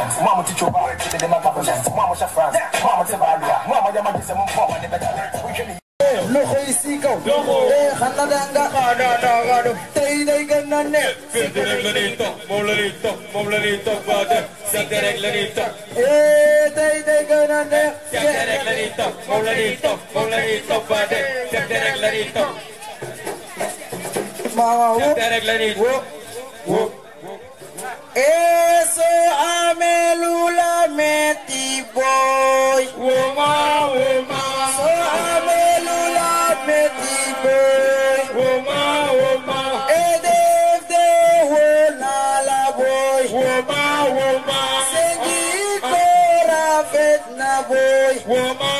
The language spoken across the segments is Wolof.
Netherlands, Mama to Chuba, the Macabres, Mama to France, Mama to Balia, Mama Yamaki, some form and the better. Look, I see go. Hanadanga, Hanadanga, Taydagan, Filterito, Molerito, Molerito, Father, Saterito, Taydagan, Saterito, Molerito, Molerito, Father, Saterito. Mama, whoop, whoop, whoop. ee soo amee lu la metti booy woma woma soo amee lu la metti booy woma woma ee def de wona la booy woma woma sengi ko rafet na booy woma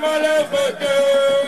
ma la bëgg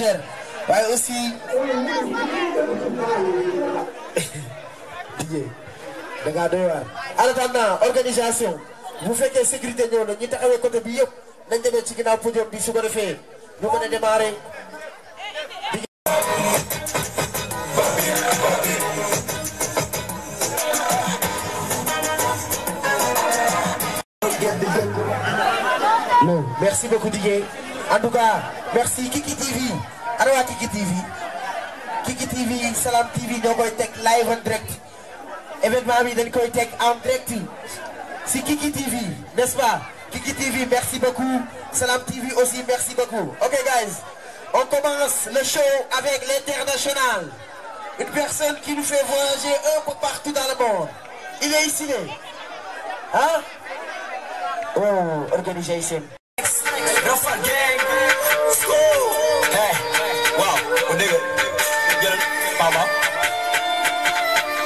étrangère waaye aussi Didier da ngaa doy organisation bu fekkee sécurité ñëw na ñi taxawee côté bi yëpp nañ demee ci ginnaaw podium bi su ko ñu mën a merci beaucoup Didier en merci Kiki TV ana waa Kiki TV Kiki TV Salam koy teg live en direct événement bi dañ koy teg en direct si Kiki TV n'est-ce pas Kiki TV merci beaucoup Salam TV aussi merci beaucoup ok guys on commence le show avec l'international une personne qui nous fait voyager un partout dans le monde il est ici hein oh organisation Rafal gang. Hey, waaw. kon dégg nga jël Pama.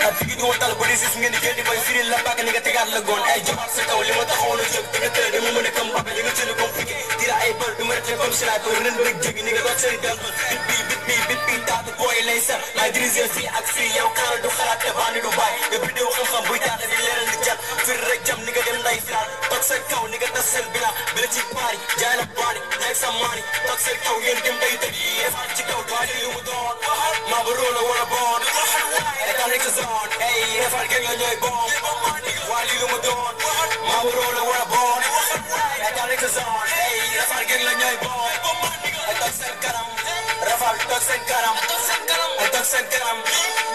ak fii di wootal ba di sis ngeen di génn di bay firil la bàgg li nga tegaat la góor ay jëm sa kaw li ma taxawoon a jóg di nga tëdd mu mën a këm bàgg li nga tëdd comme fii bër du ma si laay bëri ren rek jéggi ni nga doon bi bit bi bit bi taatu booy lay sax laay diriger fii ak fii yow xaaral du xalaat te du bàyyi nga biddew xam-xam buy taata di leeral fir rek jam ni nga dem nday filaal toog kaw ni nga tas seen bilan bile ci paari jaay la baani nekk sa maani toog seen kaw yéen dem day tëj yi faat ci kaw doon li mu doon maa bu róola wala boon état nekk sa zone ey defal gën nga ñooy boom waa li mu doon maa bu róola wala Fall toog seen kanam ay toog seen kanam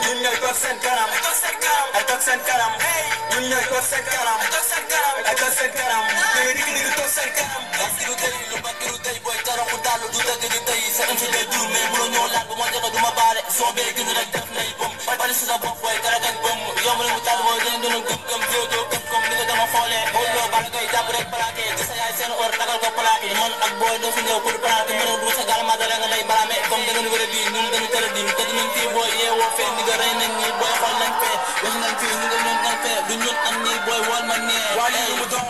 ñun ñooy toog seen kanam ay toog seen kanam ñun ñooy toog seen kanam ay toog seen kanam ñooy dikk dikk toog seen kanam ak ci lu tey lu bakk lu tey booy taraxu dàll du dëgg di tey sa am ci day dur mais mënoo ñoo laal bu ma jaga duma baale soo bee gën rek def nay bom bari si sa bopp booy karagañ bom yomb na mu tàll mooy dañ doon gëm gëm ma xoolee boo loo bala koy jàpp rek plaqué di sa yaay seen or tagal ko plaqué man ak booy doo fi ñëw pour plaqué mën a duut sa gaal madale nga day balaame comme da ngeen wërë bii ñun dañu tëra dim tëj nañ fii booy yeewoo fee ni nga rey nañ ñi booy xool nañ fee wax nañ fii ñu nga ñoom nañ fee du ñun am ñi booy wool ma nee wala mu doon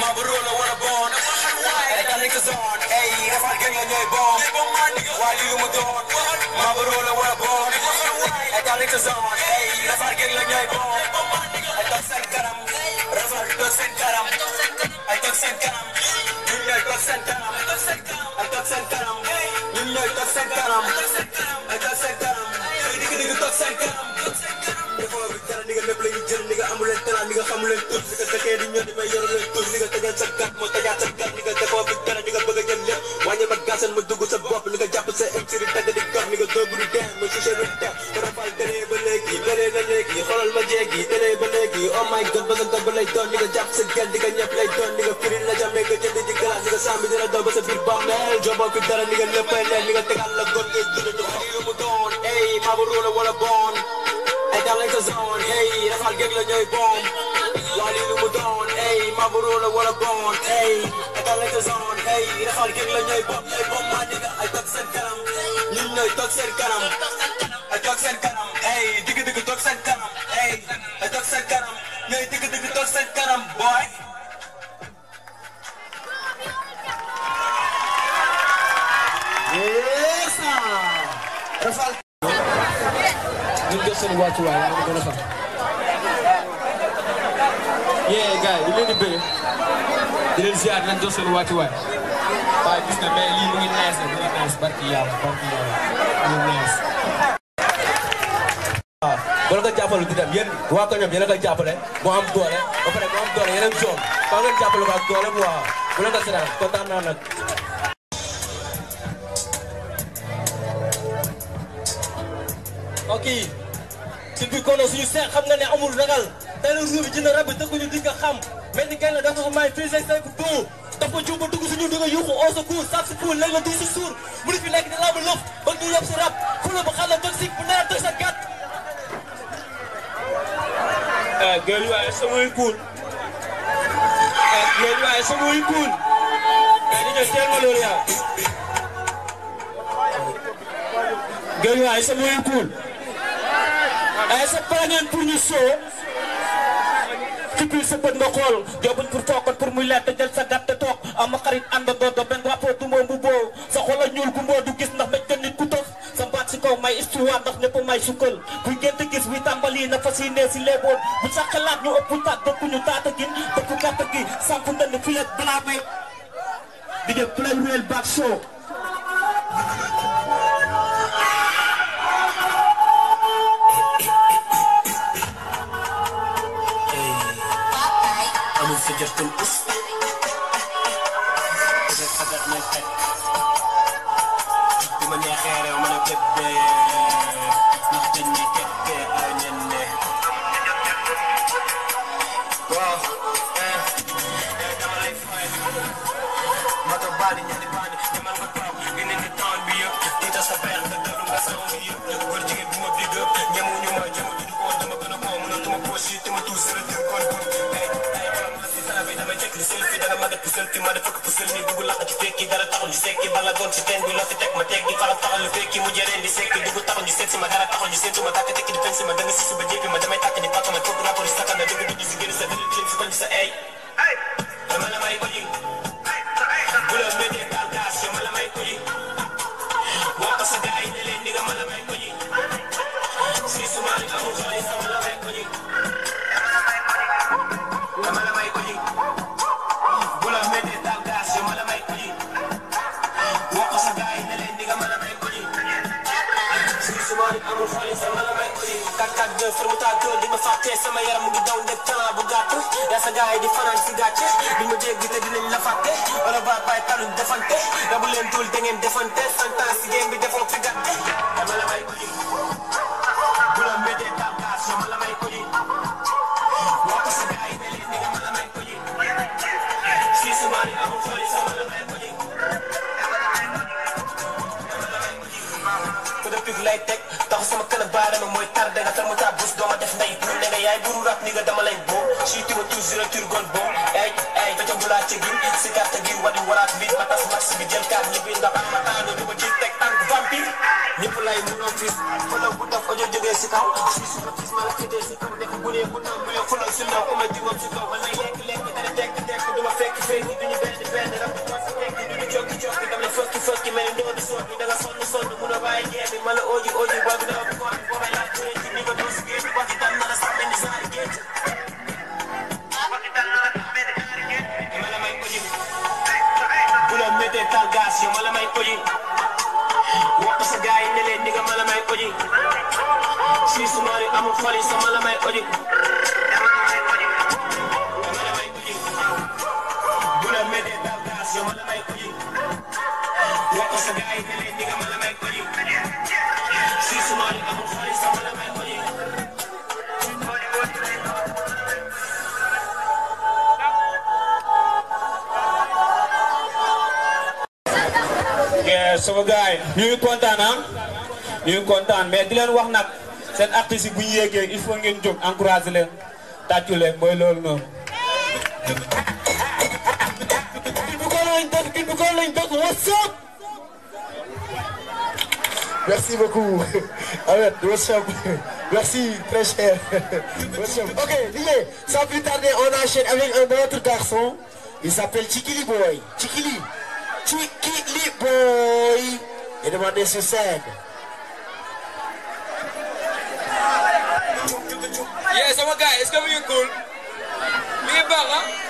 ma bu róo la war a boon ay tali ko soon ay rafal gën nga ñooy boom waa lii mu doon ma bu róo la war a boon ay tali ko soon ay rafal gën nga ñooy boom ay dox seen kanam toog seen kanam ay toog seen kanam ñun ñooy toog seen kanam ay toog seen kanam ñun ñooy toog seen kanam ay toog seen kanam digg digg toog seen kanam defoo bi dara ni nga lépp la ñu jël ni nga amu leen talaa ni nga xamu leen tur ni nga dëkkee di ñëw di may yoru leen tur ni nga tëjal sa gat moo tëjaat sa gat ni nga defoo bi dara ni nga bëgg a jël lépp wàññi ma gaasal ma dugg sa bopp ni nga jàpp sa MC di tagg di gor ni nga doogu di dee ma suusee di dee lay doon di nga jàpp sa gel di nga ñëpp lay doon di nga firi la jamee nga jënd di glace di nga sàmbi dina doon ba sa biir bàmmeel joboo fi dara di nga léppay leen di nga tegal la góor ngay dund du xam lu mu doon ey maabu ruula wala bon ay daal lañ ko zone ey rafal géeg la ñooy boom waa lii lu mu doon ey maabu ruula wala bon ey ay daal lañ ko zone ey rafal géeg la ñooy boom ñooy boom maa di nga ay toog seen kanam ñun ñooy toog seen kanam ay toog seen kanam wàccuwaay yaa ngi gën a xam. yee gars yi ñu leen di bëgg di leen ziar nañ jox seen wàccuwaay waaye na mais lii mu ngi nees na mu ngi nees barki yàlla barki yàlla mu ngi nees. waaw bala nga jàppale dem yéen ko ñoom yéen a koy jàppale mu am doole ba pare mu ko ak doole nag. ok. si biir kono suñu seex xam nga ne amul ragal tey la ruubi dina rab tëkkuñu di nga xam mel ni gaynde dafa ko may fii say say ko dóor dafa ko juuba dugg suñu di nga yuuxu oo sa kuur saab si puur la du si suur mu fi nekk di laa ba lëf ba ñu yëpp si rab fula ba xala toxique bu nara tëj sa gàtt ah, géej waaye samay kuul ah, géej waaye samay kuul di nga teel ma loolu yaa géej waaye samay kuul ay sa bañoon pour ñu soo cipil sa bët nga xool jobuñ pour fookoon pour muy leer te sa gàtt toog ama xarit ànda doodo benn wàppoo tumboo bu sa xol a ñuul gu mboo du gis ndax maj nit ku tëf sa mbaat si kaw may istuwaar ndax ñëpp may sukkal buy gént gis buy tàmbali na fas yi nee si leeboon bu sa xalaat ñu ëpp taat ñu taata gin dëkku gàtt gi samp ndënd filet balaa may di def play réel baak show جبت القصة إذا صدقنا الحق بمن يا خيري ومن بدي fekki ma dafa ko pusal ni dugg laq ci fekki dara taxul ñu sekki bala doon ci teen bi loo teg ma teg di faram taxal lu fekki mu jëreen di sekki dugg taxul ñu si ma dara taxul ñu seetu ma tàkk tekki di si ma danga si suba jéppi ma damay tàkk di pàkk ma toog naa ko di sakkan na dugg dugg si génn sa dëgg ci fi sa ay deful da ngeen defoon des fantaas si game bi depuis lay teg taxu sama kanam baaraam mooy tardé nga ni nga dama ci gin si gàtta bi ma tas max bi jël kaat ñibbi ndax ma taano duma ci teg tànk vampire ñëpp lay mënoo fis fëla si kaw ma la tëddee si kaw nekk bu nee bu naa mu yo fëla si ndaw uma diwam si kaw ma lay lekk lekk duma fekk fekk duñu benn benn rab fëkki fëkki mel ni doodu soot bi da nga sonn sonn mun a bàyyi jeex bi ma la ooju ooju ba bi bu ko am booba yaa turee ci ni nga doon si géej waxi tam tam ma la may oji bu wax sa gaay ne leen ni nga ma la may oji si sumaari amul xol ma la may oji sama gars yi ñu kontaan ah ñu ngi kontaan mais di wax nag seen artistes yi bu ñu yéegee il faut ngeen jóg encouragé leen tàccu leen mooy loolu noonu. Merci beaucoup. Ahmed, Merci, très cher. Ok, Lillet, sans plus tarder, on enchaîne avec un autre garçon. Il s'appelle Chikili Boy. Chikili. Kick it lit, boy. Anyone this is sad? Yeah, so my guy, it's gonna be cool. Me and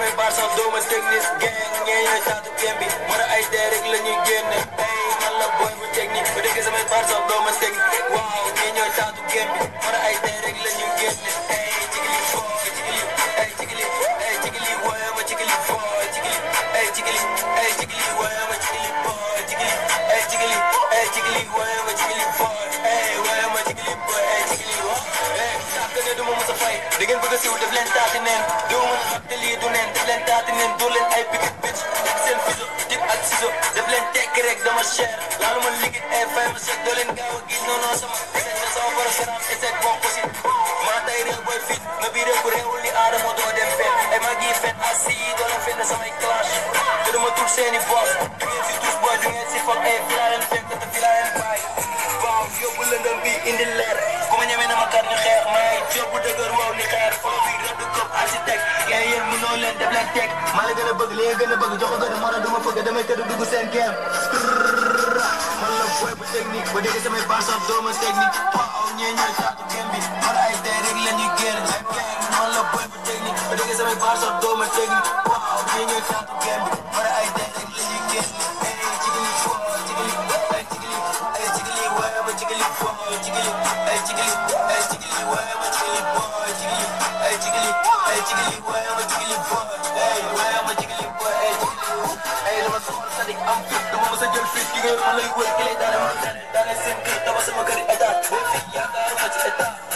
damay baar sax dooma technique gang ñee ñooy taatu game bi mën a ay dee rek la ñuy génne ay man la boy bu technique bu dëggee samay baar sax dooma technique waaw ñee ñooy taatu game bi mën a ay dee rek la ñuy génne ay jigili foo jigili ay jigili ay jigili woyama jigili foo jigili ay jigili ay jigili woyama jigili foo jigili ay jigili ay jigili woyama jigili foo ay woyama jigili foo ay jigili da ngeen bëgg a siiw def leen taati neen doo mën te lii du neen def leen taati neen doo leen ay piquet bitch ak seen fiso tip ak siso def leen tekki rek dama cher laalu ma liggéey ay fay leen gaaw a gis non non sama eseet na sama programme eseet bon aussi maa tay booy fit ma bii réew bu réewul li aadama doo dem fenn ay mag yi fenn assis samay clash te dama tur seeni bopp job bu dëgër waaw ni xeer foofu rëdd këpp architecte yaa yéen mënoo leen def leen teg maa la gën a bëgg li nga gën a bëgg jox ko gën a mën a duma fëgg damay tëdd dugg seen keem man la booy bu technique ba dégg samay baasam dooma technique ba aw ñee ñooy taatu kenn bi man ay tey rek la ñuy génn man la booy bu technique ba dégg samay baasam dooma technique ba aw ñee ñooy taatu kenn bi man ay tey rek la ñuy génn jiggly, hey jiggly, hey jiggly, why am I jiggly boy? Jiggly, hey jiggly, hey jiggly, why am I jiggly boy? Hey, why am I jiggly boy? Hey jiggly, hey dama sama sadi am fit, dama masa jël fit ki nga ma lay wër ki lay dara ma dara, dara seen kër dama sama kër état, ya dara ma ci état.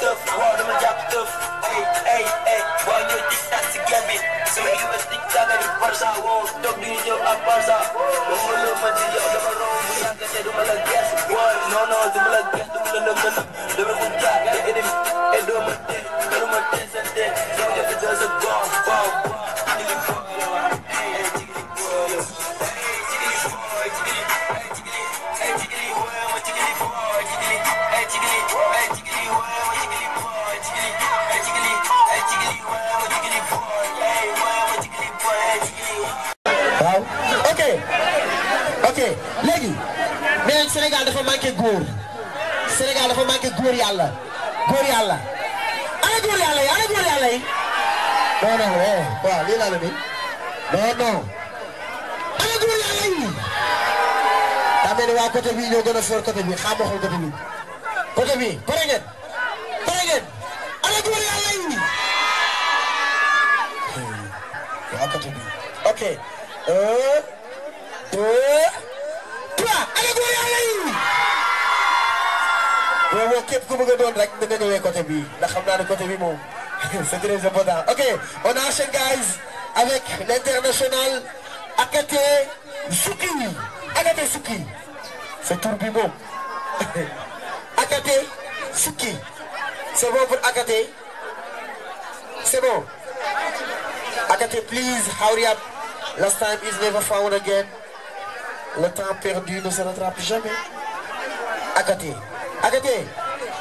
tëf waaw dama jàpp tëf ay ay ay waaw ñëw di tas si gem bi sama équipe tàggali Barça waaw toog di ñëw ak Barça moom ma loo ma di yow dama romb bu yàgg te du ma la gerte waaw non non du ma la gerte du ma la nëb waaw lii laa la nii non non. ana góor yàlla yi. daa mel ni waa côté bii ñoo gën a fort côté bii xaaral ma xool côté bi côté bii pare ngeen. pare ngeen. ana góor yàlla yi. waa côté bii ok. un deux trois ana góor yàlla yi. boo boo képp doon rek dina ñëwee côté bii ndax xam naa ne côté moom. C'est très important. Ok, on enchaîne, guys, avec l'international Akate Suki. Akate Suki. C'est Tourbimo. Akate Suki. C'est bon pour Akate C'est bon. Akate, please, hurry up. Last time is never found again. Le temps perdu ne se rattrape jamais. Akate. Akate,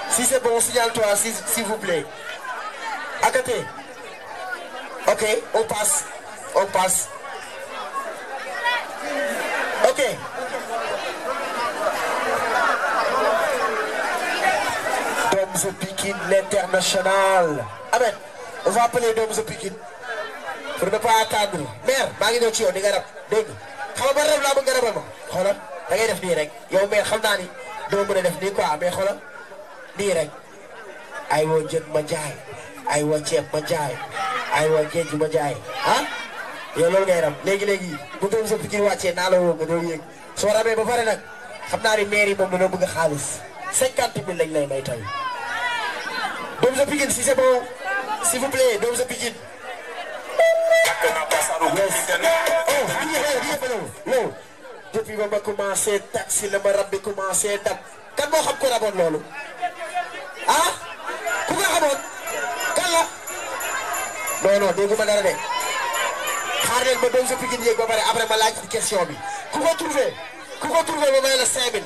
si c'est bon, signale-toi, s'il vous plaît. Agaté. Ok, on passe. On passe. Ok. Domzo Pikin, l'international. Amen. On va appeler Domzo Pikin. Pour ne pas attendre. Mère, je vais vous dire, je vais vous xam nga rab laa bëgg a rabal ma da ngay def nii rek yow mais xam naa ni def nii quoi mais xoolal nii rek ay woo ma jaay ay wa ceeb ba jaay ay wa géej ba jaay ah yow loolu ngay rab léegi léegi bu doon sa pikir wàccee naa la woo nga doon yëg soo rabee ba pare nag xam naa ne mairie moom dana bëgg xaalis cinquante mille lañ lay may tey doom sa pikir si c'est bon s'il vous plaît sa pikir loolu depuis ba ma commencé si la ma rab bi commencé dab kan moo xam ko raboon loolu non non dégguma dara de xaar leen ba doon sa pikin yéeg ba pare après ma laaj question bi ku ko trouvé ku ko trouvé ba may la 5000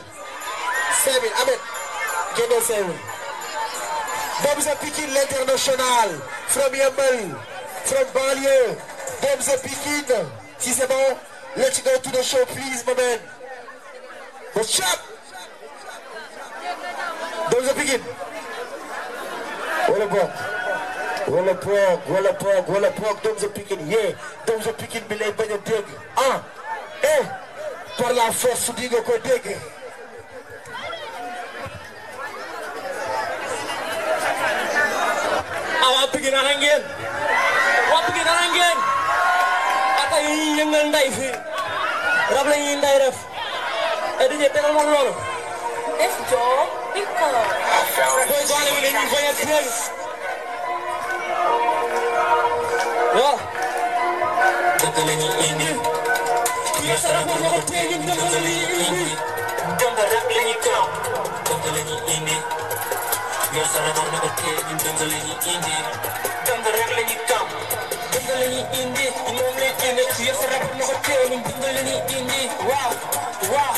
5000 Ameth génneel 5000 dem sa pikin l'international from Yeumbeul from banlieue dem pikin si c'est bon let's go to the show please my man ba chap pikin wala bokk wala poog wala poog wala poog doom sa pikin yee doom sa pikin bi lay bañ a dégg ah eh par la ko dégg. ah waa pikin ana waa pikin ana ngeen atay yi yëngal nday fii rab la ñuy nday def et du ñu tegal ma loolu. def joo. booy doole bi dañuy bañ a teel. waaw. dëgg la ñuy indi. yéen a ngi ko tey ñun dëgg la ñuy indi. Demba rap la ñuy taw. dëgg la ñuy indi. yéen a ngi ko tey ñun dëgg la ñuy indi. Demba rap la ñuy taw. dëgg la ñuy indi. moom la ñuy indi. yéen a ngi ko tey ñun dëgg la ñuy indi. waaw waaw.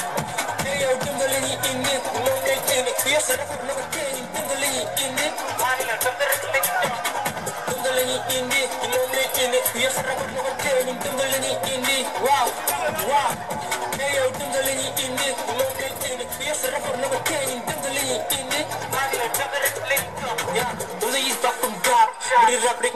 mais yow dëgg la ñuy indi. moom la ñuy indi. yéen a ngi ko tey ñun dëgg la ñuy indi. maa ngi la dëgg rek ni indi ñoom ni indi yëpp rafet na ko tee la ñuy indi waaw waaw mais la ñuy indi ñoom ni indi yëpp rafet na ko tee ñun dund la ñuy indi maa ngi leen dama rek leen yaa dama gis bàqum gaab bu di rab rek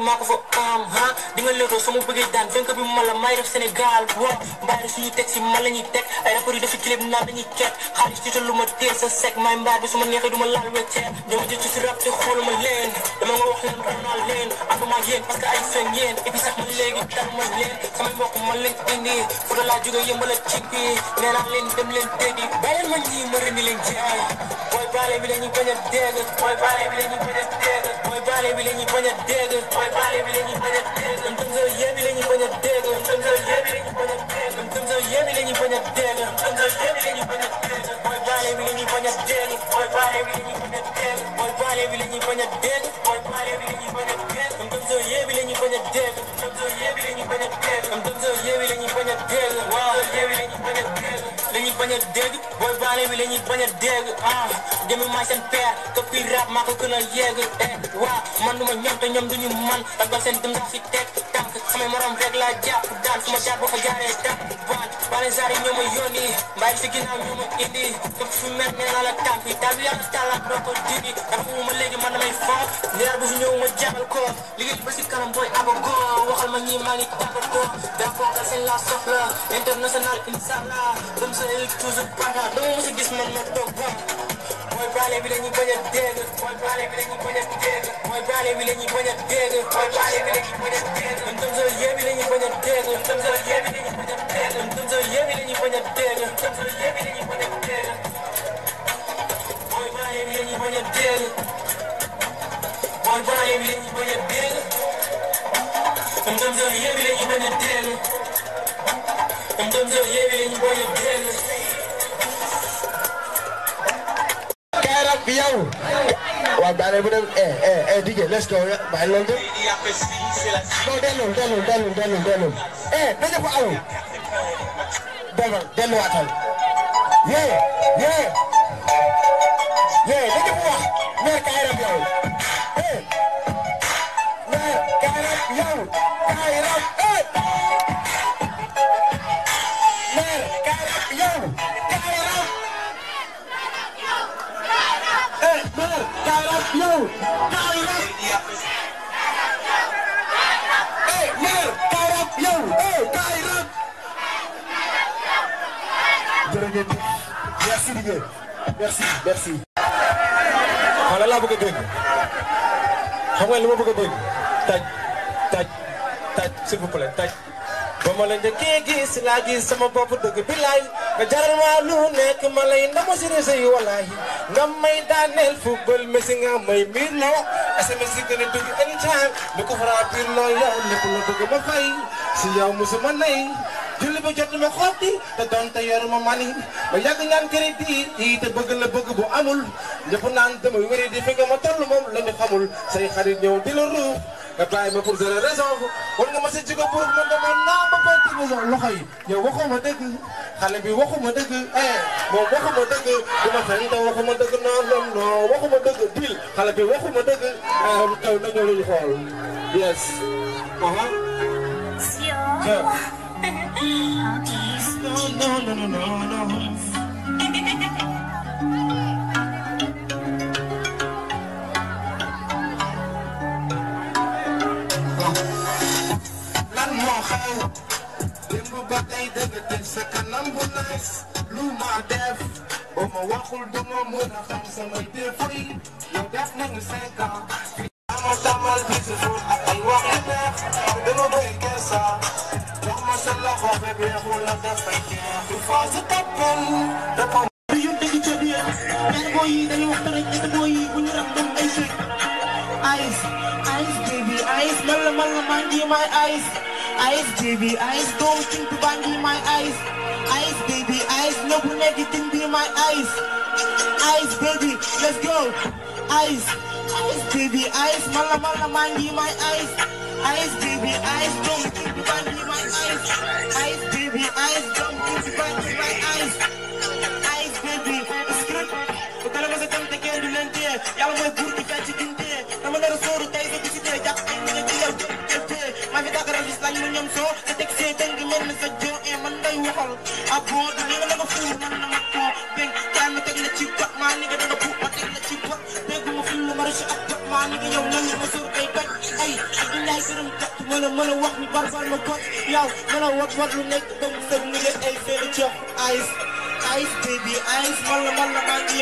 bëggee daan fenk bi ma la may def Sénégal waaw mbaari suñu teg si ma la ñuy teg ay rapport yi dafa clip naan dañuy ket xaalis ci lu ma teel sa sec may mbaar bi su ma neexee du ma laal wecceer dama jëcc si rab te xooluma leen dama nga wax leen ronal leen ak maa yéen parce que ay seen yéen et puis sax man léegi tax man leen sama mbokk man leen indi foto a dégg a dégg booy a a dégg ndëm sa yéen bi la ñuy bañ a dégg ndëm sa yéen bi la ñuy a dégg ndëm sa yéen a a baale bi la ñuy bañ a dégg mooy baale bi la ñuy bañ a dégg mooy baale bi la ñuy bañ a dégg mooy baale bi la ñuy bañ a dégg am dem soo yee bi la ñuy bañ a dégg am dem soo yee bi la ñuy bañ a dégg am dem soo yee bi la ñuy bañ a dégg waaw yee bi la ñuy bañ a dégg dañuy bañ a dégg booy baale bi dañuy bañ a dégg ah jëmi maay seen père këpp kuy rap maa ko gën a yegg eh waa man du ma ñoom duñu man daggal seen dëm si la tànk yi daal yàlla tàllaat doo ko dindi dafa wu ma léegi man damay faaw soxla international inshallah yi toujours pata doo mos a gis man ma toog bam mooy baale bi la ñuy bañ a dégg mooy baale bi la ñuy bañ a dégg mooy baale bi la ñuy bañ a dégg mooy baale bi la ñuy bañ a dégg ñun tam soo yébi la ñuy bañ a dégg ñun tam soo yébi la ñuy bañ a dégg ñun tam soo yébi la ñuy bañ a dégg ñun tam soo yébi la ñuy bañ a dégg mooy baale bi la ñuy bañ a dégg mooy baale bi la ñuy bañ a dégg ñun tam soo yébi la ñuy bañ a dégg ñun tam soo yébi la ñuy bañ a dégg ak yow waaw bu dem eh eh eh DJ let's go bàyyi loolu de non delloo delloo delloo delloo delloo eh dañu fa aw delloo delluwaatal yee yee yee dañu fa wax up you. Power up. Hey, nigga, power up you. Hey, power up. jërëjëf merci liggéey merci merci. wala laa bëgg a dégg xam nga li ma bëgg a dégg taj taj taj s'il vous plaît taj. ba ma leen di kii gis laa gis sama bopp dëgg bi laay. nga jaral ma lu nekk ma lay na si réseau yi wallaahi nga may daaneel ma Messi nga may miir loo SMS yi gën a dugg anytime lu ko faral biir loo yow lépp la bëgg ma fay si yow musuma nay julli ba jot ma xotti te donte yoruma mani ma yàgg ñaan crédit yi te bëgg la bëgg bu amul ñëpp naan dama wéri di fi nga ma toll moom la ñu xamul say xarit ñëw di la nga bàyyi ma pour de raison war nga ma sa jikko pour man dama naa ma perte maison loxo yi yow waxuma dëgg xale bi waxuma ma eh moom waxuma dëgg du ma fen te waxuma dëgg non non non waxuma dëgg xale bi waxuma dëgg eh, taw na ñoo luñu xool yes aha eh. non non non non non ba tey dëgg teg sa kanam lu ma def ba waxul du ma mën a xam samay défaut yi yow def nañu cinq ans ama tamal bi si fóot ak ay wax yu neex dama bëri kersa wax ma sa loxo bébé wala dafay jeex du faa sa tappal dafa yóbbu dëgg ca yi dañu waxtaan rek cargo yi bu ñu ram dem eyes, baby eyes, don't think to bind be my eyes. Eyes, baby eyes, look everything be my eyes. Eyes, baby, let's go. Eyes, eyes, baby eyes, mala mala mind be my eyes. Eyes, baby eyes, don't think to bind be my eyes. Eyes, baby eyes, don't think to bind be my eyes. Eyes, baby, script. Yalla moy lenn sa joo ee eh, man day ah, na ma koo beng yaa ma teg la ci kot maa ni nga danga buub ma teg la ci bot dégguma ful lu ma resu ak kot maa ni nga yow ma suur kay toj ay abdoulaye gërëm kat ma la ma la wax ni barbal ma kot yow ma la wat wat lu nekk dong sa ni nga ay feelu jox ice ice baby ice man la man la maa ngi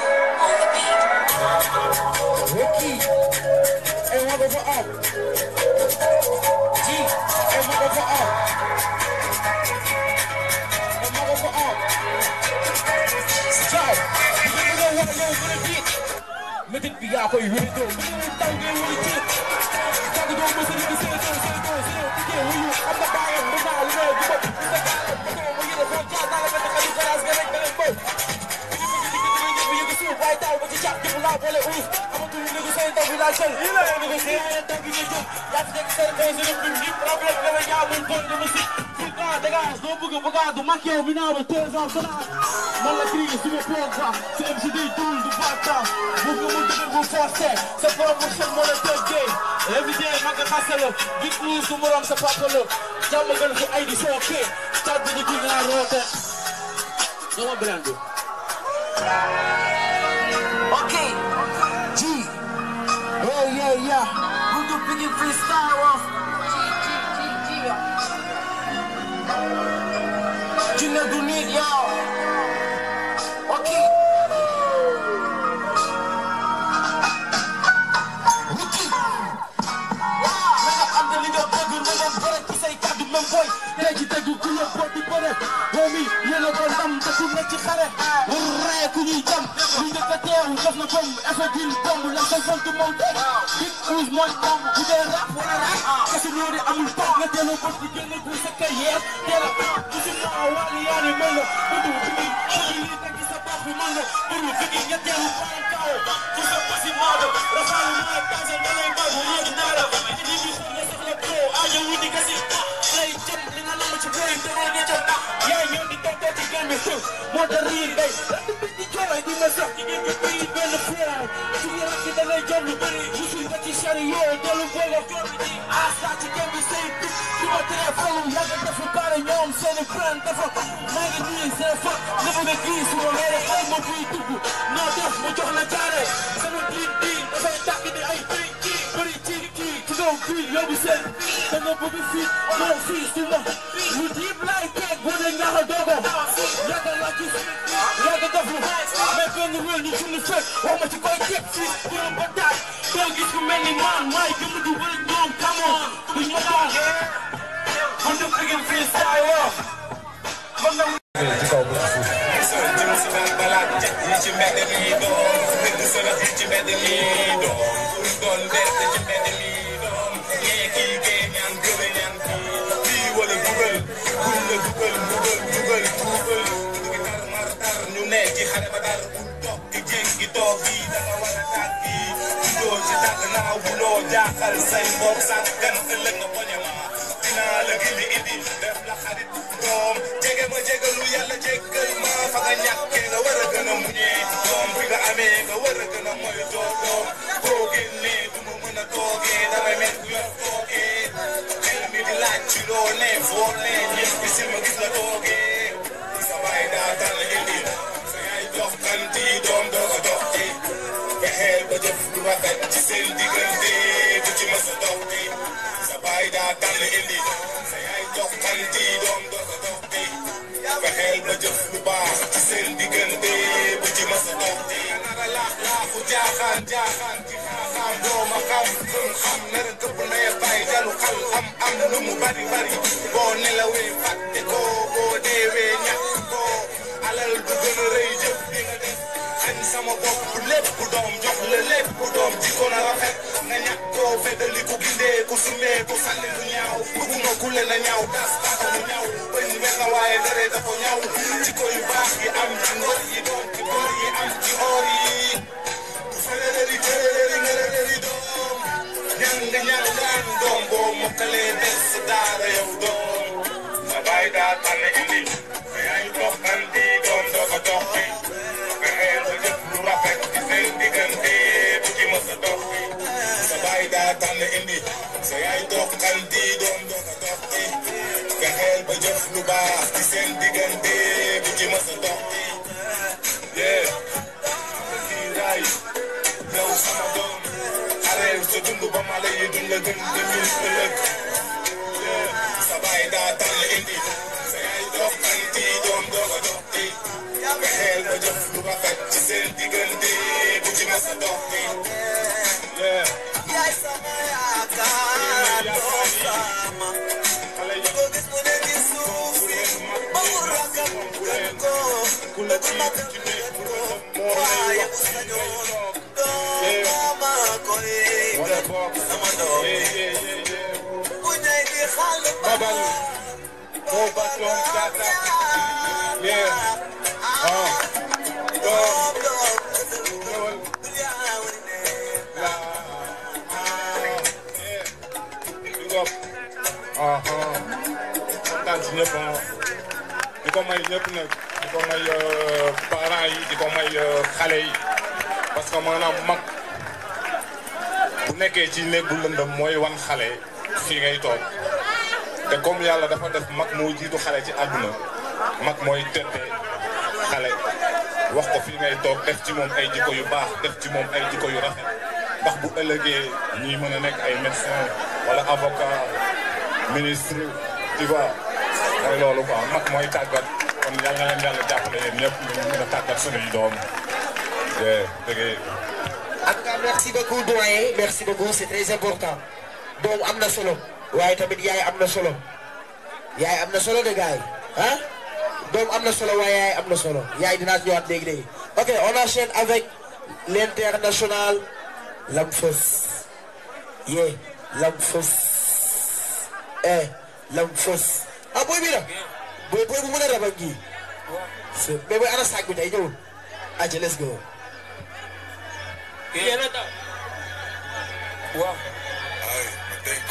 motherfucker up. G, a motherfucker up. A motherfucker up. Stop. You don't know what I'm gonna get. Métit bi yaa koy wéetoo. Métit bi taw ngay wéetoo. Tàggatoo mos a ñu seetoo seetoo seetoo. Tijjee wuyu xam nga. yaa boole uus amatuñu négocier interpellation yi la négocier tënk nga jóg yaa ci nekk say conseil bi ñi problème dama yaa muy bon dama si pourtant dégage doo bëgg bëgg du mag yow mi naa ba deux ans cela man la crier suma programme c'est MC day dul du battant bu ko mu dëgër bu forcé sa promotion moo la tëggee invité mag a xase la big uus du morom sa papa la jàmm gën fi ay di sooke càgg di dinaa roote dama brand Mini freestyle off. You know do need y'all. Okay. Nigga, I'm the leader, baby, nigga, better to say, God, do my boy. dee i dëgg ku la boot di bëre homie yéen a ko ndam ci xare war ree ku ñuy jam lu njëkk a teew def na bomb effet la sa font moom dee big ouz mooy bomb bu dee rap wala rap kese ñoo di amul pat nga delloo bët bi génne bu sa carrière teel a pat i si naa wàll yaa ne mel na humango Buru viki ya teru parantao Kusa pasi mada Rafalu mara kaza Nalai bagu yagi nara Ini bisa ya sakla pro Aja wudi kasi Play jam Lina lama cemai Tengah dia jata Ya yang ditata Tiga mesu Modari day Ratu piti jora Ini masa Ini pipi Bela fia Sugi raki dalai jam Beri Usul bati syari Yo Dalam bola Asa Cikan bisa Bisa sama téléphone yàgg dafa pare ñoom seen i plan dafa maa ngi nuyu seen fa dafa nga kii su ma leere xale ma buy dugg noo def mu jox la jaare sama biir bii dafay tàkk di ay kii bëri ci kii ci kaw bii yóbbu seen da nga bëgg fii non fii si ma lu diib laay teg bu dee ñax a dogo yàgg la gis yàgg def lu mais benn wél ñu julli fekk wax ma ci koy teg fii juróom ba taat doo gis ku mel ni man maay jëmm di wër ñoom kamoon du ñu xaar jaaxal say bopp sax gan ëllëg nga poñe ma dinaa la ni def la xarit moom jege ma jegalu yàlla jegal ma fa nga ñàkkee nga a gën a muñee doom fi nga amee a gën a mooy doo doom boo ma mën a toogee damay mel ku yor toogee ma gis la toogee sa baay daa tal ba jëf ci seen tànn indi sa yaay jox xarit yi doom doo ko jox tey fexeel ba jëf lu baax ci seen diggante bu ci mas a dox tey nara laax laaxu jaaxaan jaaxaan ci xaaxaan dooma xam xam nara këpp naye bàyyi jalu xal am am lu bari bari boo nelawee fàtte koo boo deewee ñàkk koo alal du gën a rëy jëf di nga def xañ sama bopp lépp ko sànni lu ñaaw a ñaaw na nga ñaan boo mokkalee des sa daara yow doom sa baay daa indi mais ay doxan di doom ko dox fi fexeel sa jëf a dox fi indi sa yaay toqal di doom doog a toqi fexeel ba jëf lu baax ci seen diggante bu ci mës a toqi yee kii raay yow sama doom xareel sa dund ba mala yi dund la gën demin nekkee ci néeg bu lëndëm mooy wan xale fii ngay toog te comme yàlla dafa def mag moo jiitu xale ci àdduna mag mooy tette xale wax ko fii ngay toog def ci moom ay jikko yu baax def ci moom ay jikko yu rafet ndax bu ëllëgee ñuy mën a nekk ay médecin wala avocat ministre tu vois mooy loolu quoi mag mooy tàggat kon yàlla na leen yàlla jàppale yéen ñëpp ñu mën a tàggat suñuy doom dégg merci beaucoup doyen merci beaucoup c'est très important doom am na solo waaye tamit yaay am na solo yaay am na solo de gars yi ah doom am na solo waaye yaay am na solo yaay dinaa ñëwaat léegi léegi ok on enchaîne avec l'international Lam Foss yee Lam Foss eh Lam fos ah booy bi la booy booy bu mën a rab ak kii mais bi tey ñëwul ah Iya na daw. Wow. Ay, matik.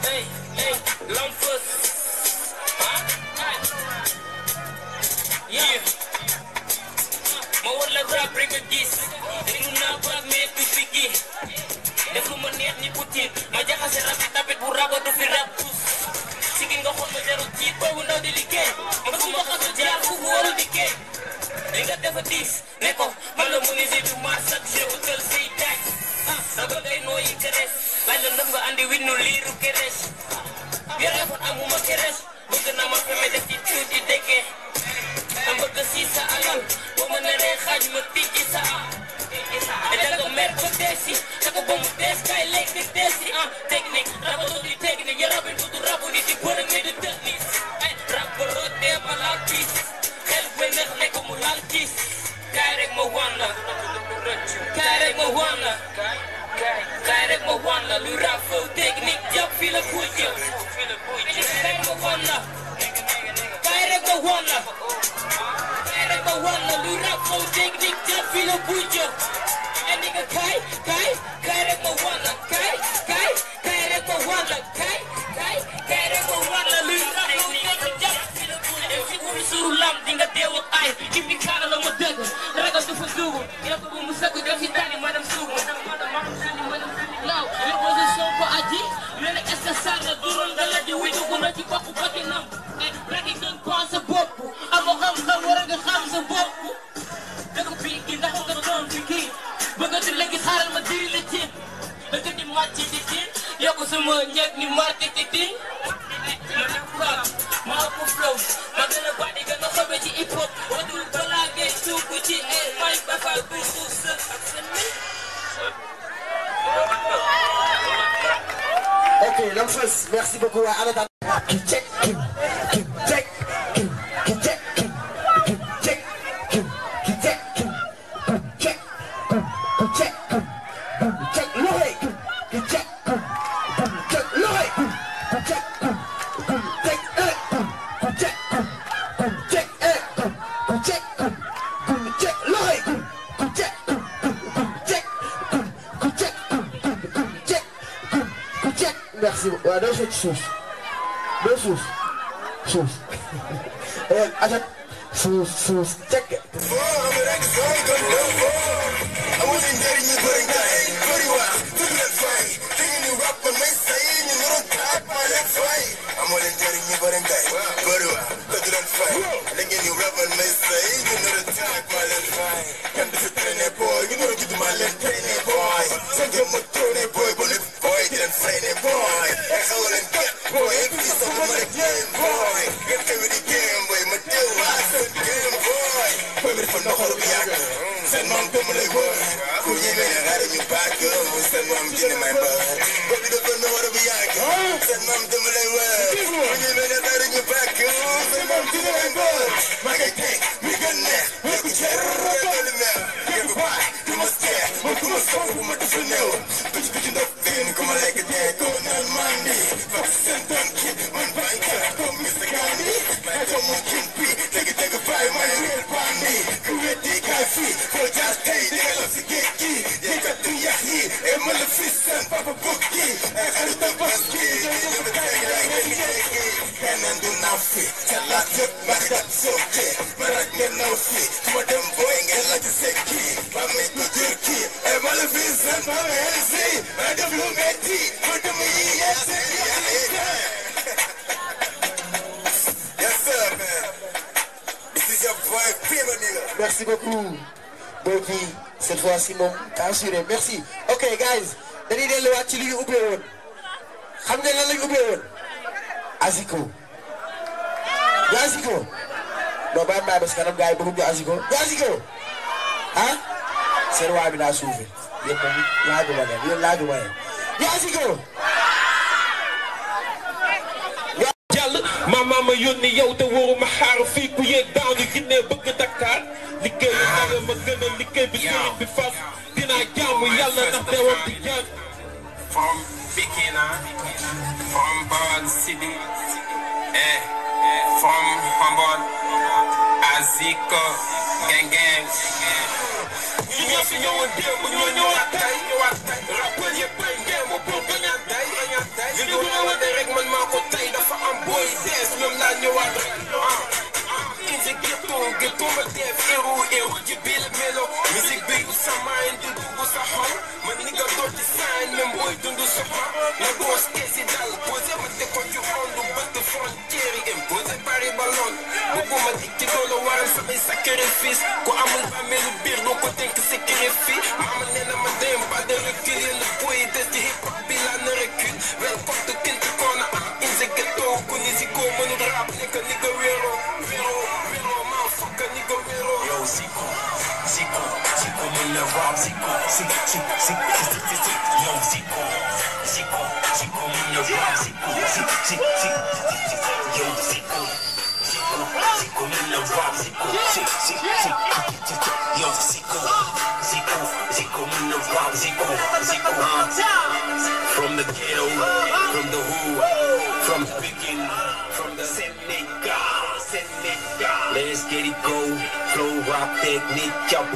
Hey, hey, long foot. Huh? Ay. Yeah. yeah. Mawala rap, break a gis. Dinu na ba, may pipigi. Defu ma neex ni putin. Ma jaxase rap, tapit bu rap, du fi rap. Sige nga xool ma zero tiit, boobu ndaw di liggéey. Ma ko ma xasu jaar, ku warul liggéey. li nga dafa diis ne ko man la menuisier du marché je utal siy daaj ah sago day nooyi kerees bàyyi la ndëm nga andi winnu liiru kerees ah, yore defoon amuma kerees bëgg naa ma feme def ci tuuti dekkee am bëgg si sa alal boo ma naree xaaj ma tijji sa ah te danga mer ba deesi te ko ba mu dees kay lekk di deesi ah technique rabatu di technique yore bi tudd rabu di di bëri mais di technique ay rabu roo dee ma laa piis xel bu neex artiste kaay rek ma wan la kaay rek ma wan la kaay rek ma wan la lu rap flow technique yëpp fii la buy jëm kaay rek ma wan la kaay rek ma wan la kaay rek ma wan la lu rap flow technique yëpp fii la buy jëm and nga kaay kaay kaay rek ma wan la kaay kaay kaay rek ma wan la kaay kaay kaay rek ma wan nga dee ay ci bi kaara la ma dëgg a du fa yokk bu mu sëkk jox si tani ma dem suubu law opposition ko aji mel ne est-ce que sànga duroon nga la di wuy dugg na ci bokk bati nam ragi gën koo sa bopp amoo xam-xam war nga xam sa bopp dëgg bi gi ndax nga doon fi kii bëgg di léegi xaaral ma diri la cin dëgg di màcc di cin yokk sama ñeeg ni marqué di cin waaye ana Merci beaucoup. Boy cette fois-ci moom t'as assuré merci. ok guys dañuy delluwaat ci li ñu woon xam nga la ñu ubbee woon. Aziko. du Aziko. non bàyyi naa bés kanam gars yi bëgguñu Aziko du Aziko. ah. seen waa bi laa suufee yéen tamit laajuma leen yéen laajuma yaa ma yónni yow te wóoruma xaar fii ku yeeg daaw ni ginnee bëgg Dakar liggéey yu dara ma gën a liggéey bi sëriñ bi fas dinaa jaamu yàlla ndax deewam di jaan from Bikina from Broad City eh from Humboldt Aziko Gengeng ñu ñëpp ñëwoon démb ñoo ñëwaat tey ñëwaat tey tey dafa am booy dees laa ñëwaat ah. inji ghetto ghetto ma def eru eru ci biir melo musique bi sa mind di dugg sa xol man ni nga doon ci sign même booy dund soxla la boos keesi dal posé ma ko ci xondu bëtt frontière yi imposé bari ballon bëgguma dik ci doolu waral samay sacrifice ku amul bàmmeelu biir doo ko tënk sacrifice maama nee na ma dem ba de recul yéen booy des ci hip hop bi laa na recul wel porte kinti koona Zico, Zico, Zico mën na rap Zico, Zico, Zico, Zico, yow Zico, Zico, Zico mën na rap Zico, Zico, Zico, Zico, yow Zico, Zico, Zico mën na rap Zico, Zico, Zico, Zico, yow Zico, Zico, Zico mën na rap Zico, Zico, from the ghetto, from the hood, from Pekin, from the Senegal, Senegal, let's get it go. loolu rap technique jàpp.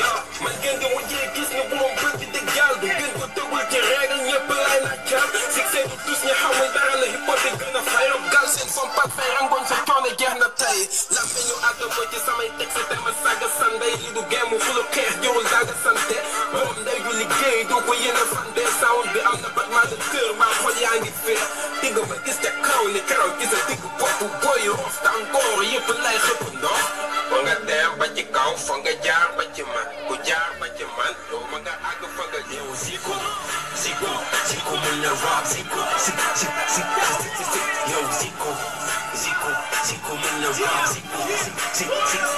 yow man ngeen di mujjee gis ne bu ma bëgg di jàll du gën ko tëgul ci règle ñëpp laay na jàpp. succès du tous ñi xamul dara la hip hop di a fay rab gal seen fom fay rangoon sa coono jeex na tey. lafe ñu àgg ko ci samay texte te ma sàgga sanday li du géemu fu lu xeex jurul daaga sante. moom ndey du liggéey doo ko yéene fande sound bi am na battement de cœur maa xol yaa ngi féex. digg ma gis te kaw li karaw gis a digg bopp booy nga neex ba ci kaw fa nga jaar ba ci man ku jaar ba ci man yow ma nga àgg fa nga yow siku siku siku mën na rap siku siku siku siku siku yow siku siku siku mën na rap siku siku siku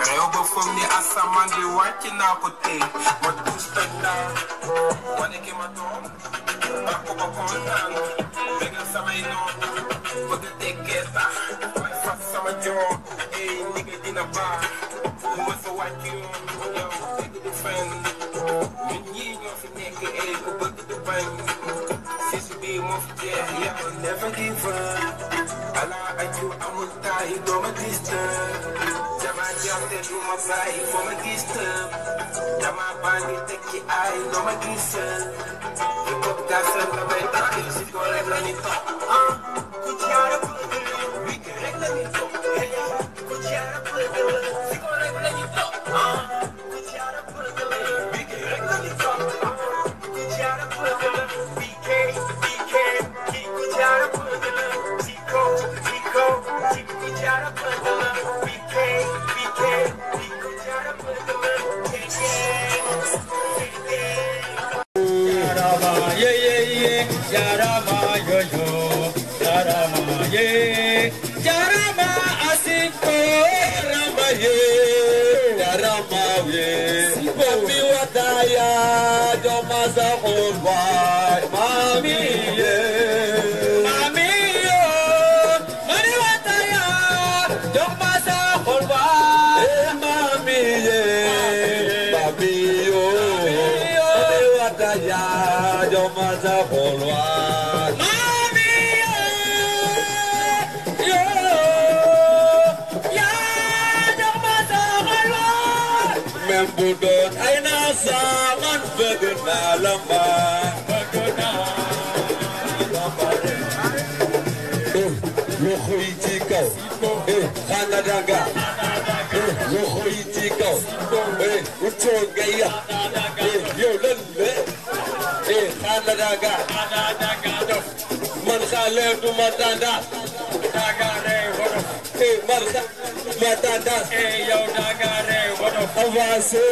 réew ba foog ni asamaan bi wàcc naa ko tey ma tuus toj naa wane ki ma doom ndax ko ba kontaan bégal samay noon bëgg a tekkee tax may sama joom ey ni nga dina baax lu ma sa wàcc yoon yow dégg du fenn ñun ñii ñoo fi nekk ey ku bëgg du bañ si su bii jeex yow never give up ala aju amul taay dooma distan jàpp a du ma bàyyi foo ma gis tëb dama bàyyi teg ci ay doo ma gis tëb hip hop gaasal la casa Polois. Même bu doon ay la mbaa. loxo yi ci kaw eh xana danga eh loxo yi ci kaw eh utoo nga yàq eh yo anda daga man xale du matanda daga re wono e man matanda e yow daga re wono avancé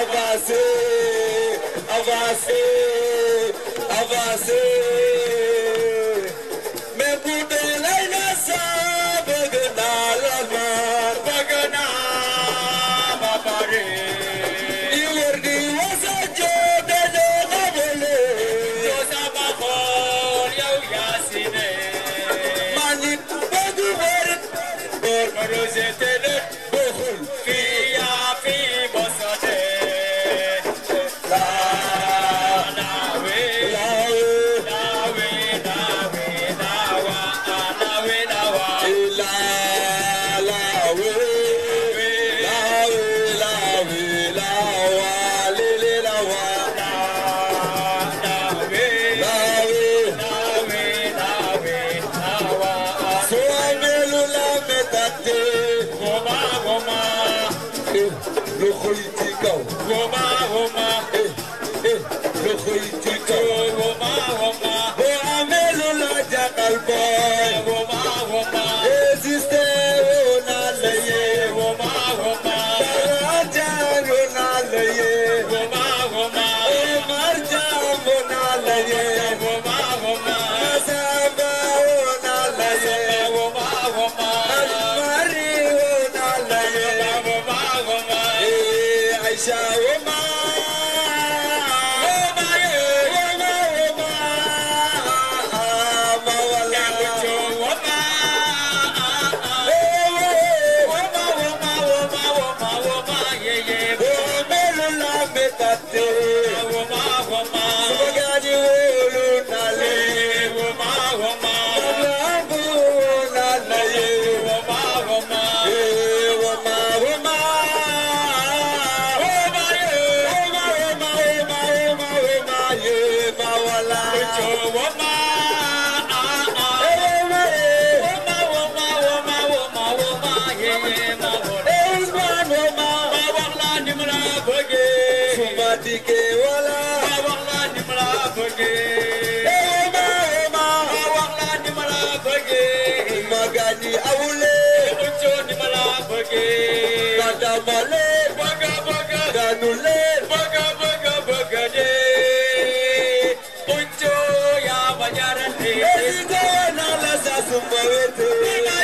avancé avancé avancé mais bu dee lay na sa bëgg naa la mar bëgg naa ma pare Pour me rejeter le Kawule Ojo ni ma la bëggee Katamale bëgga bëgga Ganule bëgga bëgga bëgga de Ojo yaa ma jaarale Esi na la sa sumba wete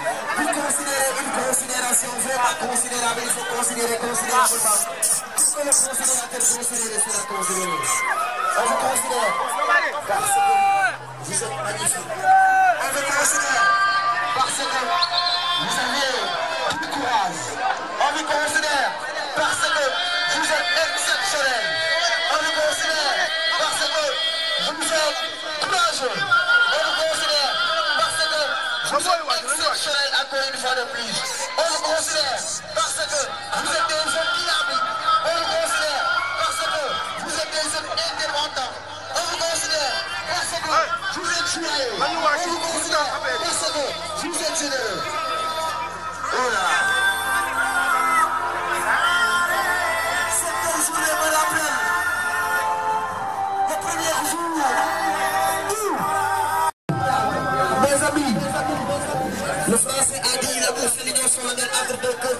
amélioration vraiment considérable, il faut considérer considérablement. Tout que le considérateur considéré sera considéré. On vous considère parce que vous êtes magnifique. On vous considère parce que vous avez tout courage. On vous considère parce que vous êtes exceptionnel. On vous considère parce que vous êtes courageux. encore une fois de plus. On le considère parce que vous êtes des jeunes dynamiques. On le considère parce que vous êtes des jeunes indépendants. On vous considère parce que vous êtes joyeux. On vous considère parce que vous êtes généreux. Voilà.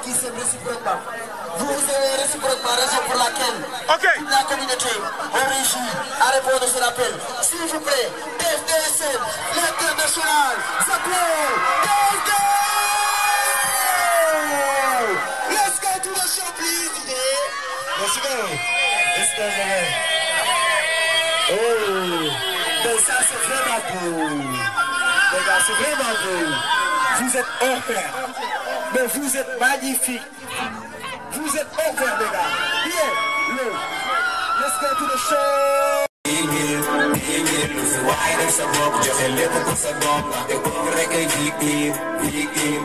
qui s'aiment réciproquement. Vous vous aimez réciproquement, raison pour laquelle okay. toute la communauté on réussit à répondre à cet appel. S'il vous plaît, PFDSM, l'international, s'appelle PFD Let's go to the shop, please, today. Let's go. Let's go, Oh, ben ça c'est vraiment beau. Les gars, c'est vraiment beau. Vous êtes hors mais vous êtes magnifique. Vous êtes au cœur des gars. Bien, le. Let's go to the show. waaye def sa bopp joxe lépp pour sa bopp te kooku rek ay jiig tiim jiig tiim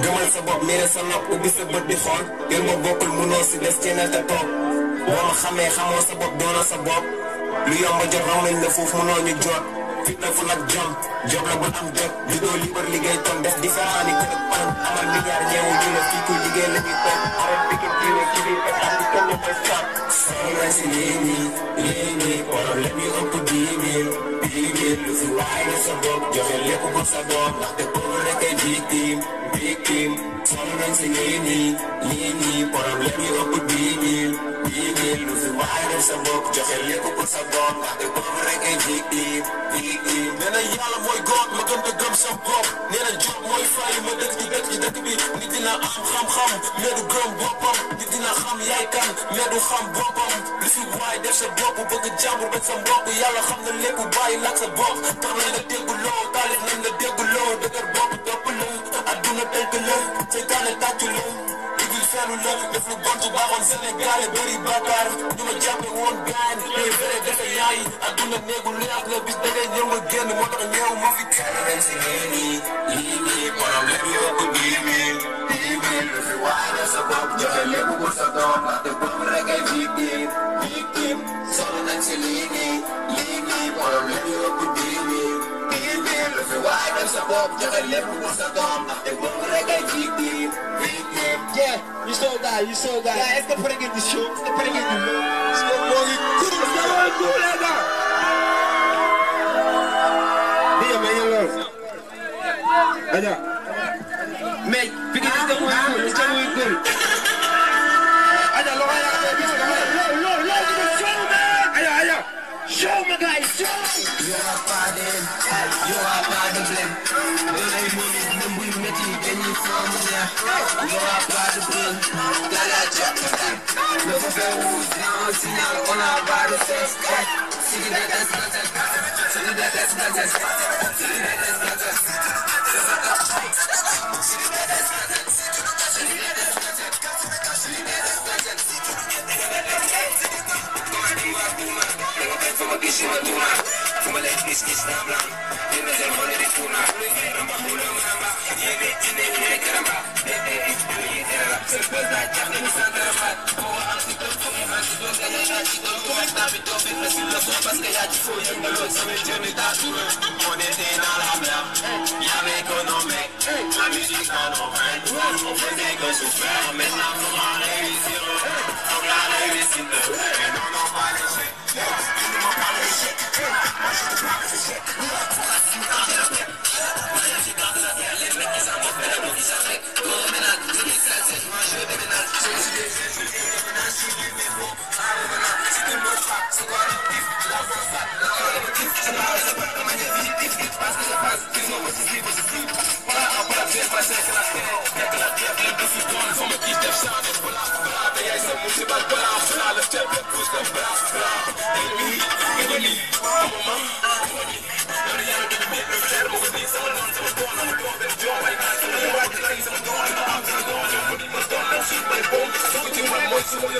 gëmal sa bopp miire a nopp ubbi sa bët di xool ngir ma bokkul munoo si des ci na te toog boo ma xamee xamoo sa bopp doona sa bopp lu yomb jot ram nañ la foofu munoo deful ak jom jom la bu am jot juddoo libre di saxaani ko ak param amal milliard ñeewu ñu la fii kuy liggéey la ñuy toog aral pikin jiwe ci biir ba tax di kenn mooy liggéey lu fi waay ne sa bopp joxe lépp pour sa doom ndaxte pauvre rek ay victime victime sonn nañ si lii nii lii nii problème yi ëpp bii nii lii nii lu fi waay ne sa bopp joxe lépp pour sa doom ndaxte pauvre rek ay victime victime nee na yàlla mooy góor ma gëm te gëm sa bopp nee na job mooy fay ma dëkk ci dëkk ci dëkk bi nit dina am xam-xam mais du gëm boppam nit dina xam yaay kan mais du xam boppam lu fi waay def sa bopp bëgg jàmbur bëgg sa mbokk yàlla xam na lépp bàyyi nag sa bopp tax nañ la dégguloo taalif nañ la dégguloo dëgër bopp topp la adduna tënk la seytaane tàccu la digul seelu la def lu bon su baaxoon Sénégal bëri bàkkaar ñu ma jàppe woon gaan les vrai gata yaay adduna néegu leex la bis da ngay ñëw nga génn moo tax ñeew ma fi joxe lépp pour sa doom te boobu rek ay jiit di jiit di. yeah you so guy you so guy. gars est-ce que pare ngeen di show est-ce que pare ngeen di show. parce que moo ngi cool. parce que moo ngi cool les gars. lii yëpp la ñu lool. yow a pas de blème doolay moom it même buy métti dañuy fomm neex yow a pas de blème dala jot le feu rouge dans un signal on a pas de cesse Sidi da des da des Sidi da des da des Sidi da des da des Sidi da des da des Sidi da des da des Sidi da des da des Sidi da des da des Sidi da des da des Sidi da des da des وملاش ناس نستعملها المازال هنا ريتونا رمبا خولا ورمبا يبي تنين هيك رمبا سبزنا تحنا نسان رمبا هو أرضي تلقوني هاتي دون كي يشاتي دون كي يشتابي دون كي نسيلا دون بس كي ياتي فوي يمبلون سمي جوني تاتورو ونتين على بلا يابي كونومي La musique dans nos veines, on faisait que souffrir, maintenant on a réussi, on a réussi, mais nous n'avons pas léché.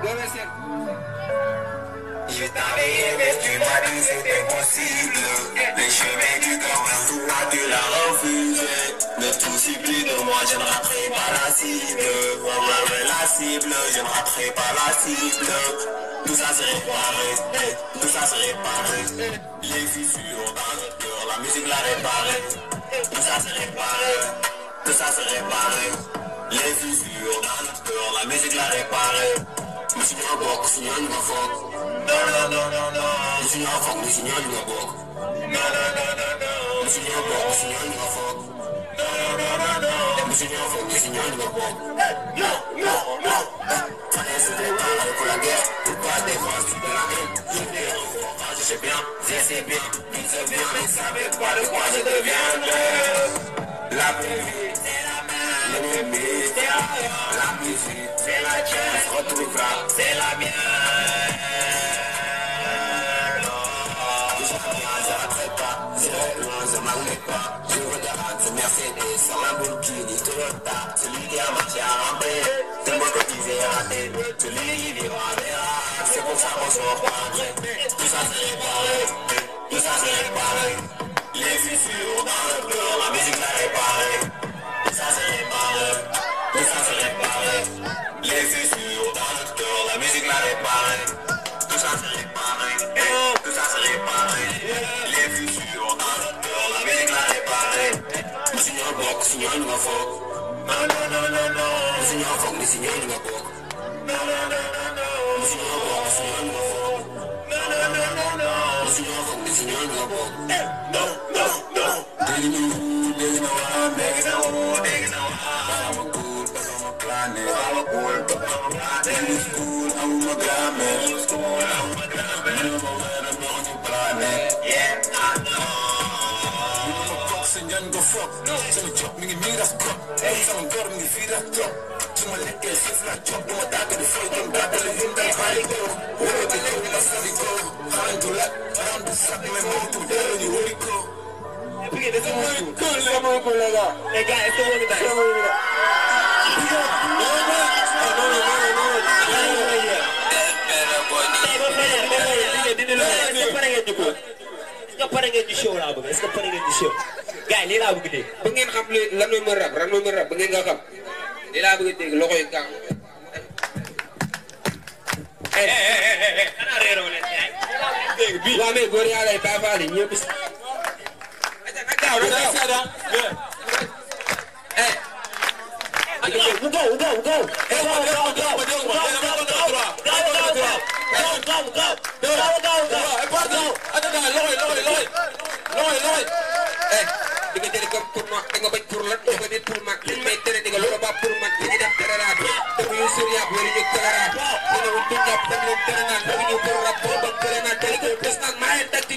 Je t'avais mais tu m'as dit c'était possible. Les chemins du corps, toi tu la refusais. Ne te plus de moi, je ne raterai pas la cible. On la cible, je ne raterai pas la cible. Tout ça se réparait, tout ça se réparait. Les fissures dans le cœur, la musique la réparait. Tout ça se réparait, tout ça se réparait. Les fissures dans le cœur, la musique la réparait. si ñoo bokk si ñooñu nga foog. non non non non non. si ñoo foog si ñooñu nga bokk. non non non non non. si ñoo bokk si ñooñu nga foog. non non non non non. si ñoo foog si ñooñu nga bokk. non non non. ça ne se fait pas avec la guerre. Pourquoi défense de la haine Je n'ai rien contre, je sais bien, je sais bien, tout se bien, mais ça veut pas de quoi je deviendrai. La paix. aimé. La musique, c'est la tienne. On se retrouvera, c'est la mienne. Je regarde ce Mercedes sur la Lamborghini Toyota Celui qui a marché à ramper C'est moi qui disais raté Celui qui vivra verra C'est pour ça qu'on se reprendrait Tout ça c'est réparé Tout ça c'est réparé Les fissures dans le cœur La musique l'a réparé ñooñu nga foog. li si ñoo foog li si ñooñu nga bokk. li si ñoo bokk si ñooñu nga foog. li si ñoo foog li si ñooñu nga bokk. non non non. dégg na wuu dégg na waa dégg na wuu dégg na waa. baa ma kuul ba sama plané. baa ma kuul ba sama plané. dégg na kuul awuma gàmmee. dégg na kuul awuma gàmmee. ma foog sama job mi ngi nii daf ko sama góor mi ngi fii daf toog su ma lekkee suuf laa job du ma tàgg di fooy doon dàggale lim daal bàyyi ko wóor bi ñëw ma sali ko xarantu la xarantu sax mais mootu dara ñu wóori ko Thank you. nga pare ngeen di show laa bëgg est-ce que pare ngeen di show gars yi lii laa bëgg dégg. ba ngeen xam li lan mooy mën rab lan mooy mën rab ba ngeen nga xam lii laa bëgg dégg loxo yi gaaw. xanaa réeroo leen dégg bi waa mais góor yàlla yi bàyyi faale ñëpp. gaaw na gaaw We'll go, we'll go, we'll go. Hey, go, go, go, go, go, go, go, go, go, go, go, go, Thank you.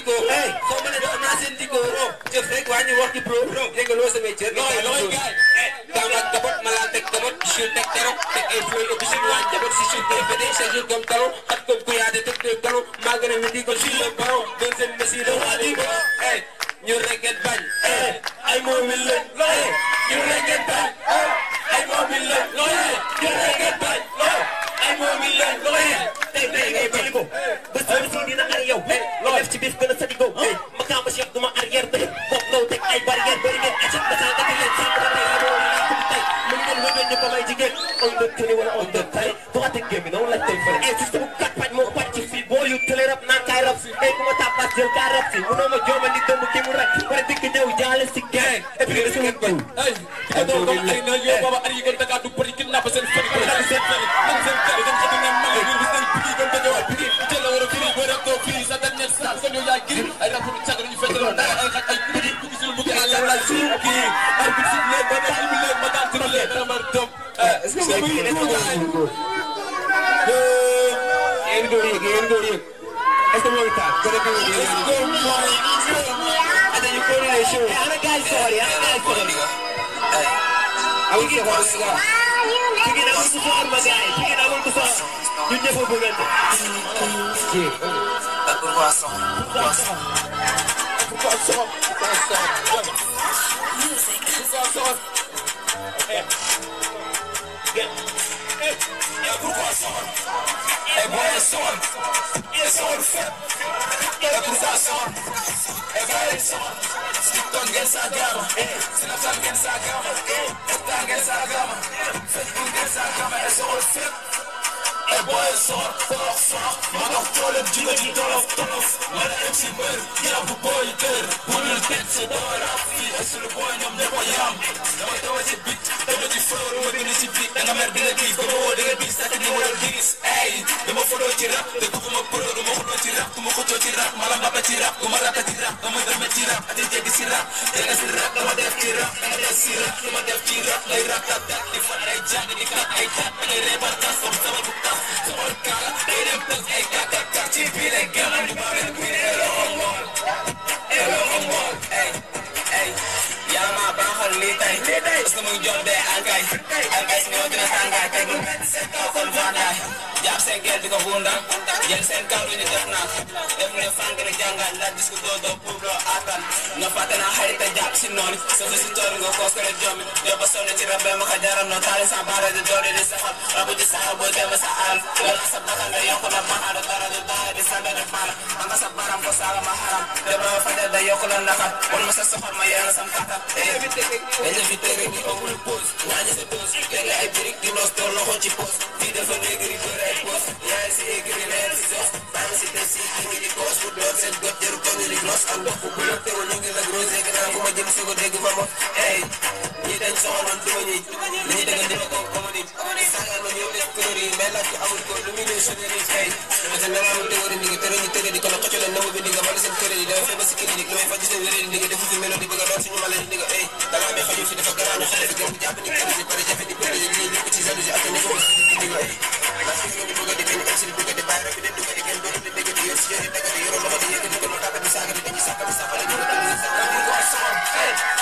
jikko soo mënee doo am naa seen jikko oh, jëf rek wàññi wax ci pro dégaloo samay cër loxo loxo gaay daaw laaj dabot ma laal teg dabot sur teg tarot teg ay fleur et puis wàññi dabot si sur tey fete chaque jour comme tarot xat comme kuyaate teg tey tarot maa gën a wéddi ko sur le baro doon seen messi la waa di ko ñun rek ngeen bañ ay moom lañ doon doomu ay na yow booba at yi kon Dakar du bëri kidnapp seen fëri ko xali seen fëri nañ seen fëri dañ ko dina mal wir bi seen pigi kon dajewaat pigi jël la war a firi boo rek doo fii sa dernière star kon yow yaa giri ay rafu cag ñu fetteloo dara ay xaj ay pigi pigi sul mu gi ala la su ki arbitre sub leen ba neexal mi leen ma daan tiro leen dara mar dom est-ce que bu yéen ko daay yéen doo yëg yéen doo yëg est-ce que mooy taal ko rek yéen doo yëg est-ce que mooy ada ñu ko lay show ana gaay soxor ya ana gaay soxor defar nga Pikine amul ku soxor ma gars yi Pikine amul ku soxor ñun ñëpp a bëggante. pourquoi soxor pourquoi soxor pourquoi soxor pourquoi soxor pourquoi soxor pourquoi soxor Tiktok ngeen saa jàmm Snapchat ngeen saa jàmm Insta ngeen saa jàmm Facebook ngeen saa jàmm et sur le site et boy sor sor sor ma dox cooleem jigéen ñi tolof tolof ma la MC mbër yàbbu booy dër bunul teg si doo rap fii et sur le boy ñoom ñëpp a yam dama tawa ci bit dama ci floor ma bind ci bit danga mer bi la kii ko woo da nga gis sa ni waral gis ay dama fodoo ci rap te dugguma pro rap mala nga ba ci rap ku ma rata ci rap dama dama ci rap di jéggi si rap jéggi si rap dama def ci rap dama def si rap lu ma def ci rap ngay rap tap tap di fan ay jàng di kat ay kat da ngay reebal tas sama sama bu tas sama kaala day dem tas ay kat kat kat ci bii lay gala di ma mel kuy elo ngol elo ngol ey ey yaa ma baaxal lii tey lii tey sama njom dee angay angay si ñoo dina tàng seen gel di ko hunda naa def ne fànk doo doo pour loo attan nga fàtte a jàpp si noonu sa fi si nga ko ak joomi yow ba sonn ci rab ma ko jaral noo taali sa baara di doole di saxal rabu di saxal booy dem sa aal loolu sa bakkan nga yokku na maxaal dara du baara di sànni def maala ma nga sa baram ko saala ma xaram yow ba ma fajal da yokku la naxa wala ma sa soxor ma yàlla sam kàttan dañu fi tege dañu fi tege ñu amul pause ñaani sa pause léegi ay birig di loos tool loxo ci pause fii dafa néegri góor ay pause ñaari si éegri reer si sos bàyyi si def si ngi di pause bu doon seen got jëru ko ñu di loos ak ndox bu bu la teewul ñu ngi la grosé gannaaw bu ma jëm si ko dégg ma ma hey ñi dañ soxla doon yi ñi da nga def ko communiste sagal ma ñëw def kër yi mais laaj amul ko lu muy ñëw suñu nit fay parce que dama am théorie ni nga tëral ñu tëral di ko la xëcc la nawu bi ni nga wala seen kër yi dama feebar si clinique lu may faj seen wéré ni nga defu fi mélodie bëgg a doon suñu malade ni nga ay eh. da nga amee xaju fi dafa garaan ñu xale bi gëm jàpp ni kër yi bari jafe di bëri ñi ñëpp ci jalousie ak ni ko ni nga ay parce que ñu bëgg di kenn ci bëgg di bàyyi rek di dugg di kenn doon di dégg di yor si yore daga di yor loxo di yëkkati ko mu tàbbati saaga di dañu sàkkal sàkkal ñu ko sama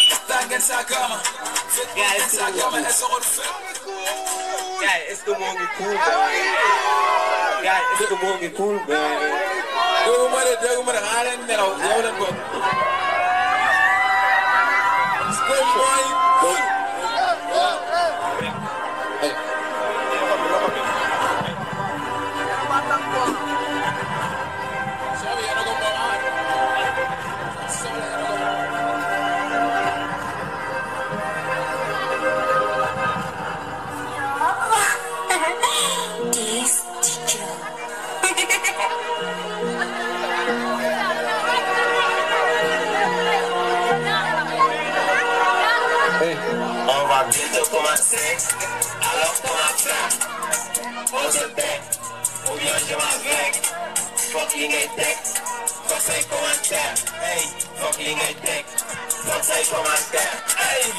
Gaay est-ce que moo ngi cool. Gaay est-ce que moo ngi cool. Gaay est-ce que moo ngi cool. Déggu ma de déggu ma de xaaral nelaw yow la ko. point six, à leur temps absent. On se tait, ou bien je m'avec. Fucking tech, fuck ses commentaires. Hey, fucking tech, fuck ses commentaires. Hey,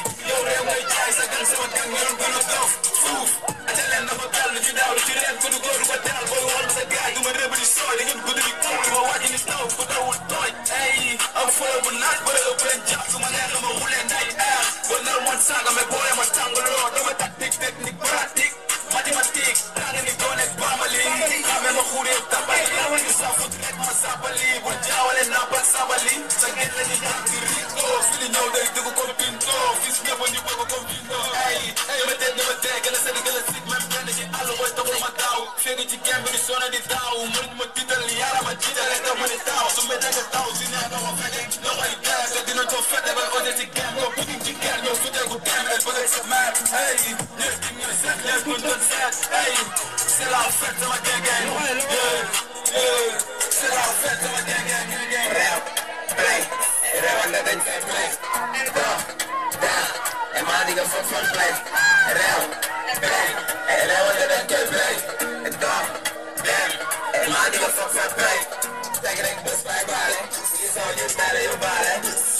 sa kan sama kan nga doon gën a dof. Suuf, aja leen na fa tal lu ci daaw lu ci ren ku du góor du ko taal booy waxal sa gaay du ma réew di sooy da ngeen gudd di kaw di ma ni taw ku tawul tooy. Hey, am folo bu naaj bëre ëpp leen jàpp su ma neex ma xulee nday air. Bon nar moon saaga mais boole ma tàngaloo. technique pratique mathématique daanaka doone bambali xame ma xuuree tabali ñu saafu rek ma sabali bu jaawale naa ba sabali sa ngeen la ñu jàng rito su li ñëw day dugg comme pinto fis ñëpp ñu bëgg comme pinto ay ay ma teg ma teg gën a sëri gën a sit même benn ci àll booy taxul ma daaw fekk ci gemb di sona di daaw mën ma tiital yaara ma jiital rek ma fete ba ote hey, yeah, give me a sec, yeah, good to set, hey, c'est la fête de ma gang gang, yeah, yeah, c'est la fête de ma gang gang, gang gang, rap, play, rap on the dance and play, go, down, and my nigga fuck fuck play, rap, play, rap on the dance and play, go, down, and my nigga fuck fuck play, take it in this body, it's all your body, your body.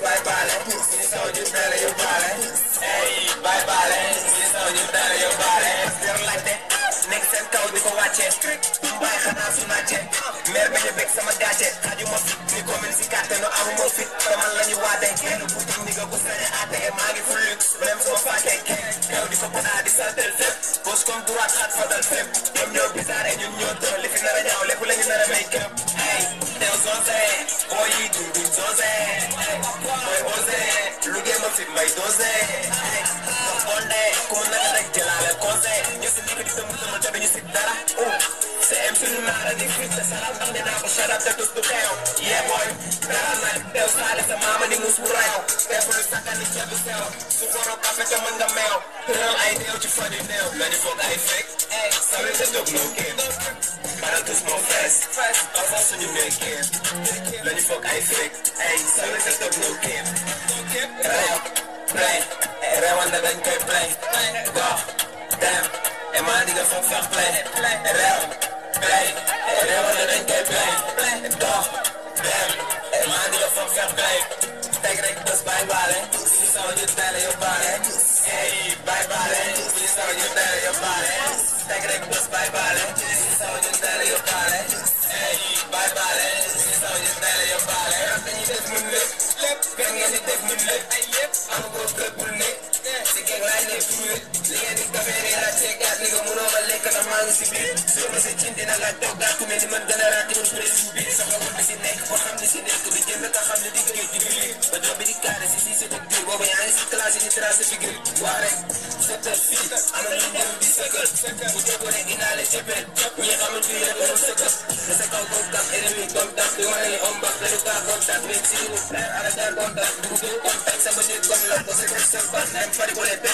bye bye Ini tahu jus dari you bale Hey bye bye Ini tahu jus dari you bale Biar latte Next time tahu di ko wàcce Mbaay xanaa su nàcce Mer bi ñu sama gàcce Xaju ma ni ko mel si kàtte no amu ma fit Tamal Kenn bu tam ni nga ko sañe Maa ngi ful luxe Même soo fàtte Taw di ko banaa di saltel fépp Bos comme droit xaat fadal fépp Ñoom ñoo bisaare ñun ñoo toll fi nar a ñaaw lépp la ñu nar a may képp Hey teew soo see Boo si may dose ma konde ku mu naka rek jëlaale conseil ñu si nekk di sama sama te duñu si dara CM suñu naara di fii sa sara ndax ne naa ko sharap te tus du xeew yee booy dara nag teew saale sa maama di mus bu reew teew lu sakkan di ceebu seew su koro kafe te mën nga meew tëral ay néew ci fan yu néew la ñu foog ay fekk sawi nga jóg loo génn xanaa tous moo fees avant suñu nekkee lañu foog ay fekk ay sala ka toog ñëw kéem reew play reewande dañ koy play gox dem emaa di nga foog fex play reew play reewande dañ koy play gox dem emaa di nga foog fex play teg rek bés bàyyi baale suñu sama ñu teel a yóbbaale ey bàyyi baale suñu sama ñu teel a yóbbaale teg rek bés bàyyi baale suñu sama ñu lépp. benn nga ni def mën lépp ay lépp. am ko gëgul ne laay ne biir li ngeen di café nii laa see gaz ni nga mënoo ma lekk na maa ngi si biir soo ma sa cin dina la toog daa ku mel ni man dana raati man prés biir soxla ko si nekk ba xam ni si nekk bi jënd nga xam ne di géej di biir ba doom bi di kaare si si sa dëkk biir boobu yaa ngi si classe di tracé figure waa rek sa tëf fii am na dem di sëkkal bu jógoo rek indaale jëppeel ñi xamante ne dañoo sëkkal da sa kaw comme kap ennemi comme tap di wane ni om bak dañu kaa contact mais si ñu frère arrêté contact bu contact sama nit comme la ko sa ko sa ban nañ fari ko les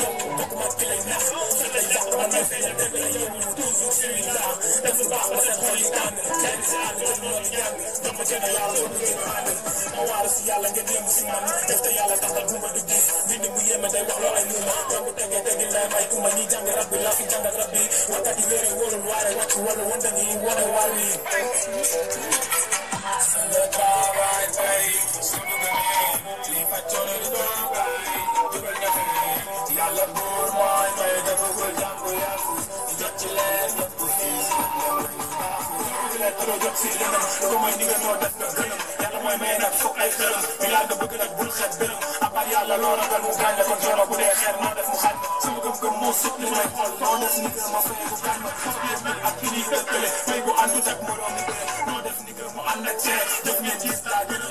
What a wonder, what a worry. yàlla buur mooy may dafa gul jàmb yàqu jot ci leer jot ko fii si leer tëloo jot si dënam ko may ni nga noo def nga gënam yàlla mooy may nag foog ay xërëm mi laa nga bëgg nag bul xet bërëm abar yàlla loo ragal mu gàññe kon joono bu dee xeer moo def mu xaj sama gëm-gëm moo sut li may xool noo def ni nga ma fay bu gàññ foog mi ak ki ñuy ëppale may bu àndut ak moroom ni noo def ni nga mu ànd ak cee jëf ngeen gis daa gën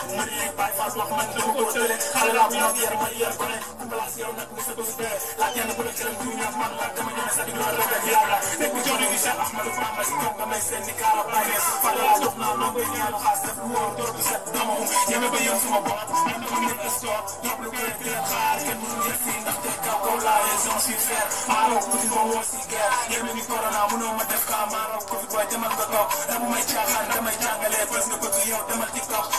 place wax man dama ko tële xale laa bu ñu yar ma yar ko ne ku place yow nag nga sa ko supee la kenn bu la cëlam duñu man la dama ñëme sa diglu rek ak yàlla nekk bu jox ni Cheikh Ahmadou Bamba si toog damay seen ni kaara bàyyi fa la dox naa noo koy ñaanu xaas def wóor door du set dama mu ñeme ba yëm suma bopp man dama nekk store toog lu ko rek leen xaar kenn mënu yëg fii ndax te kaw kaw laa les gens suis fier maaraw ku fi ma woo si guerre ñeme ni corona mënoo ma def ka maaraw ko fi boy demal ko toog dama may caaxaan damay jàngalee bés nga bëgg yow demal tiktok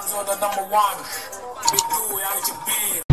Sam's on the number one. Big dude out your bed.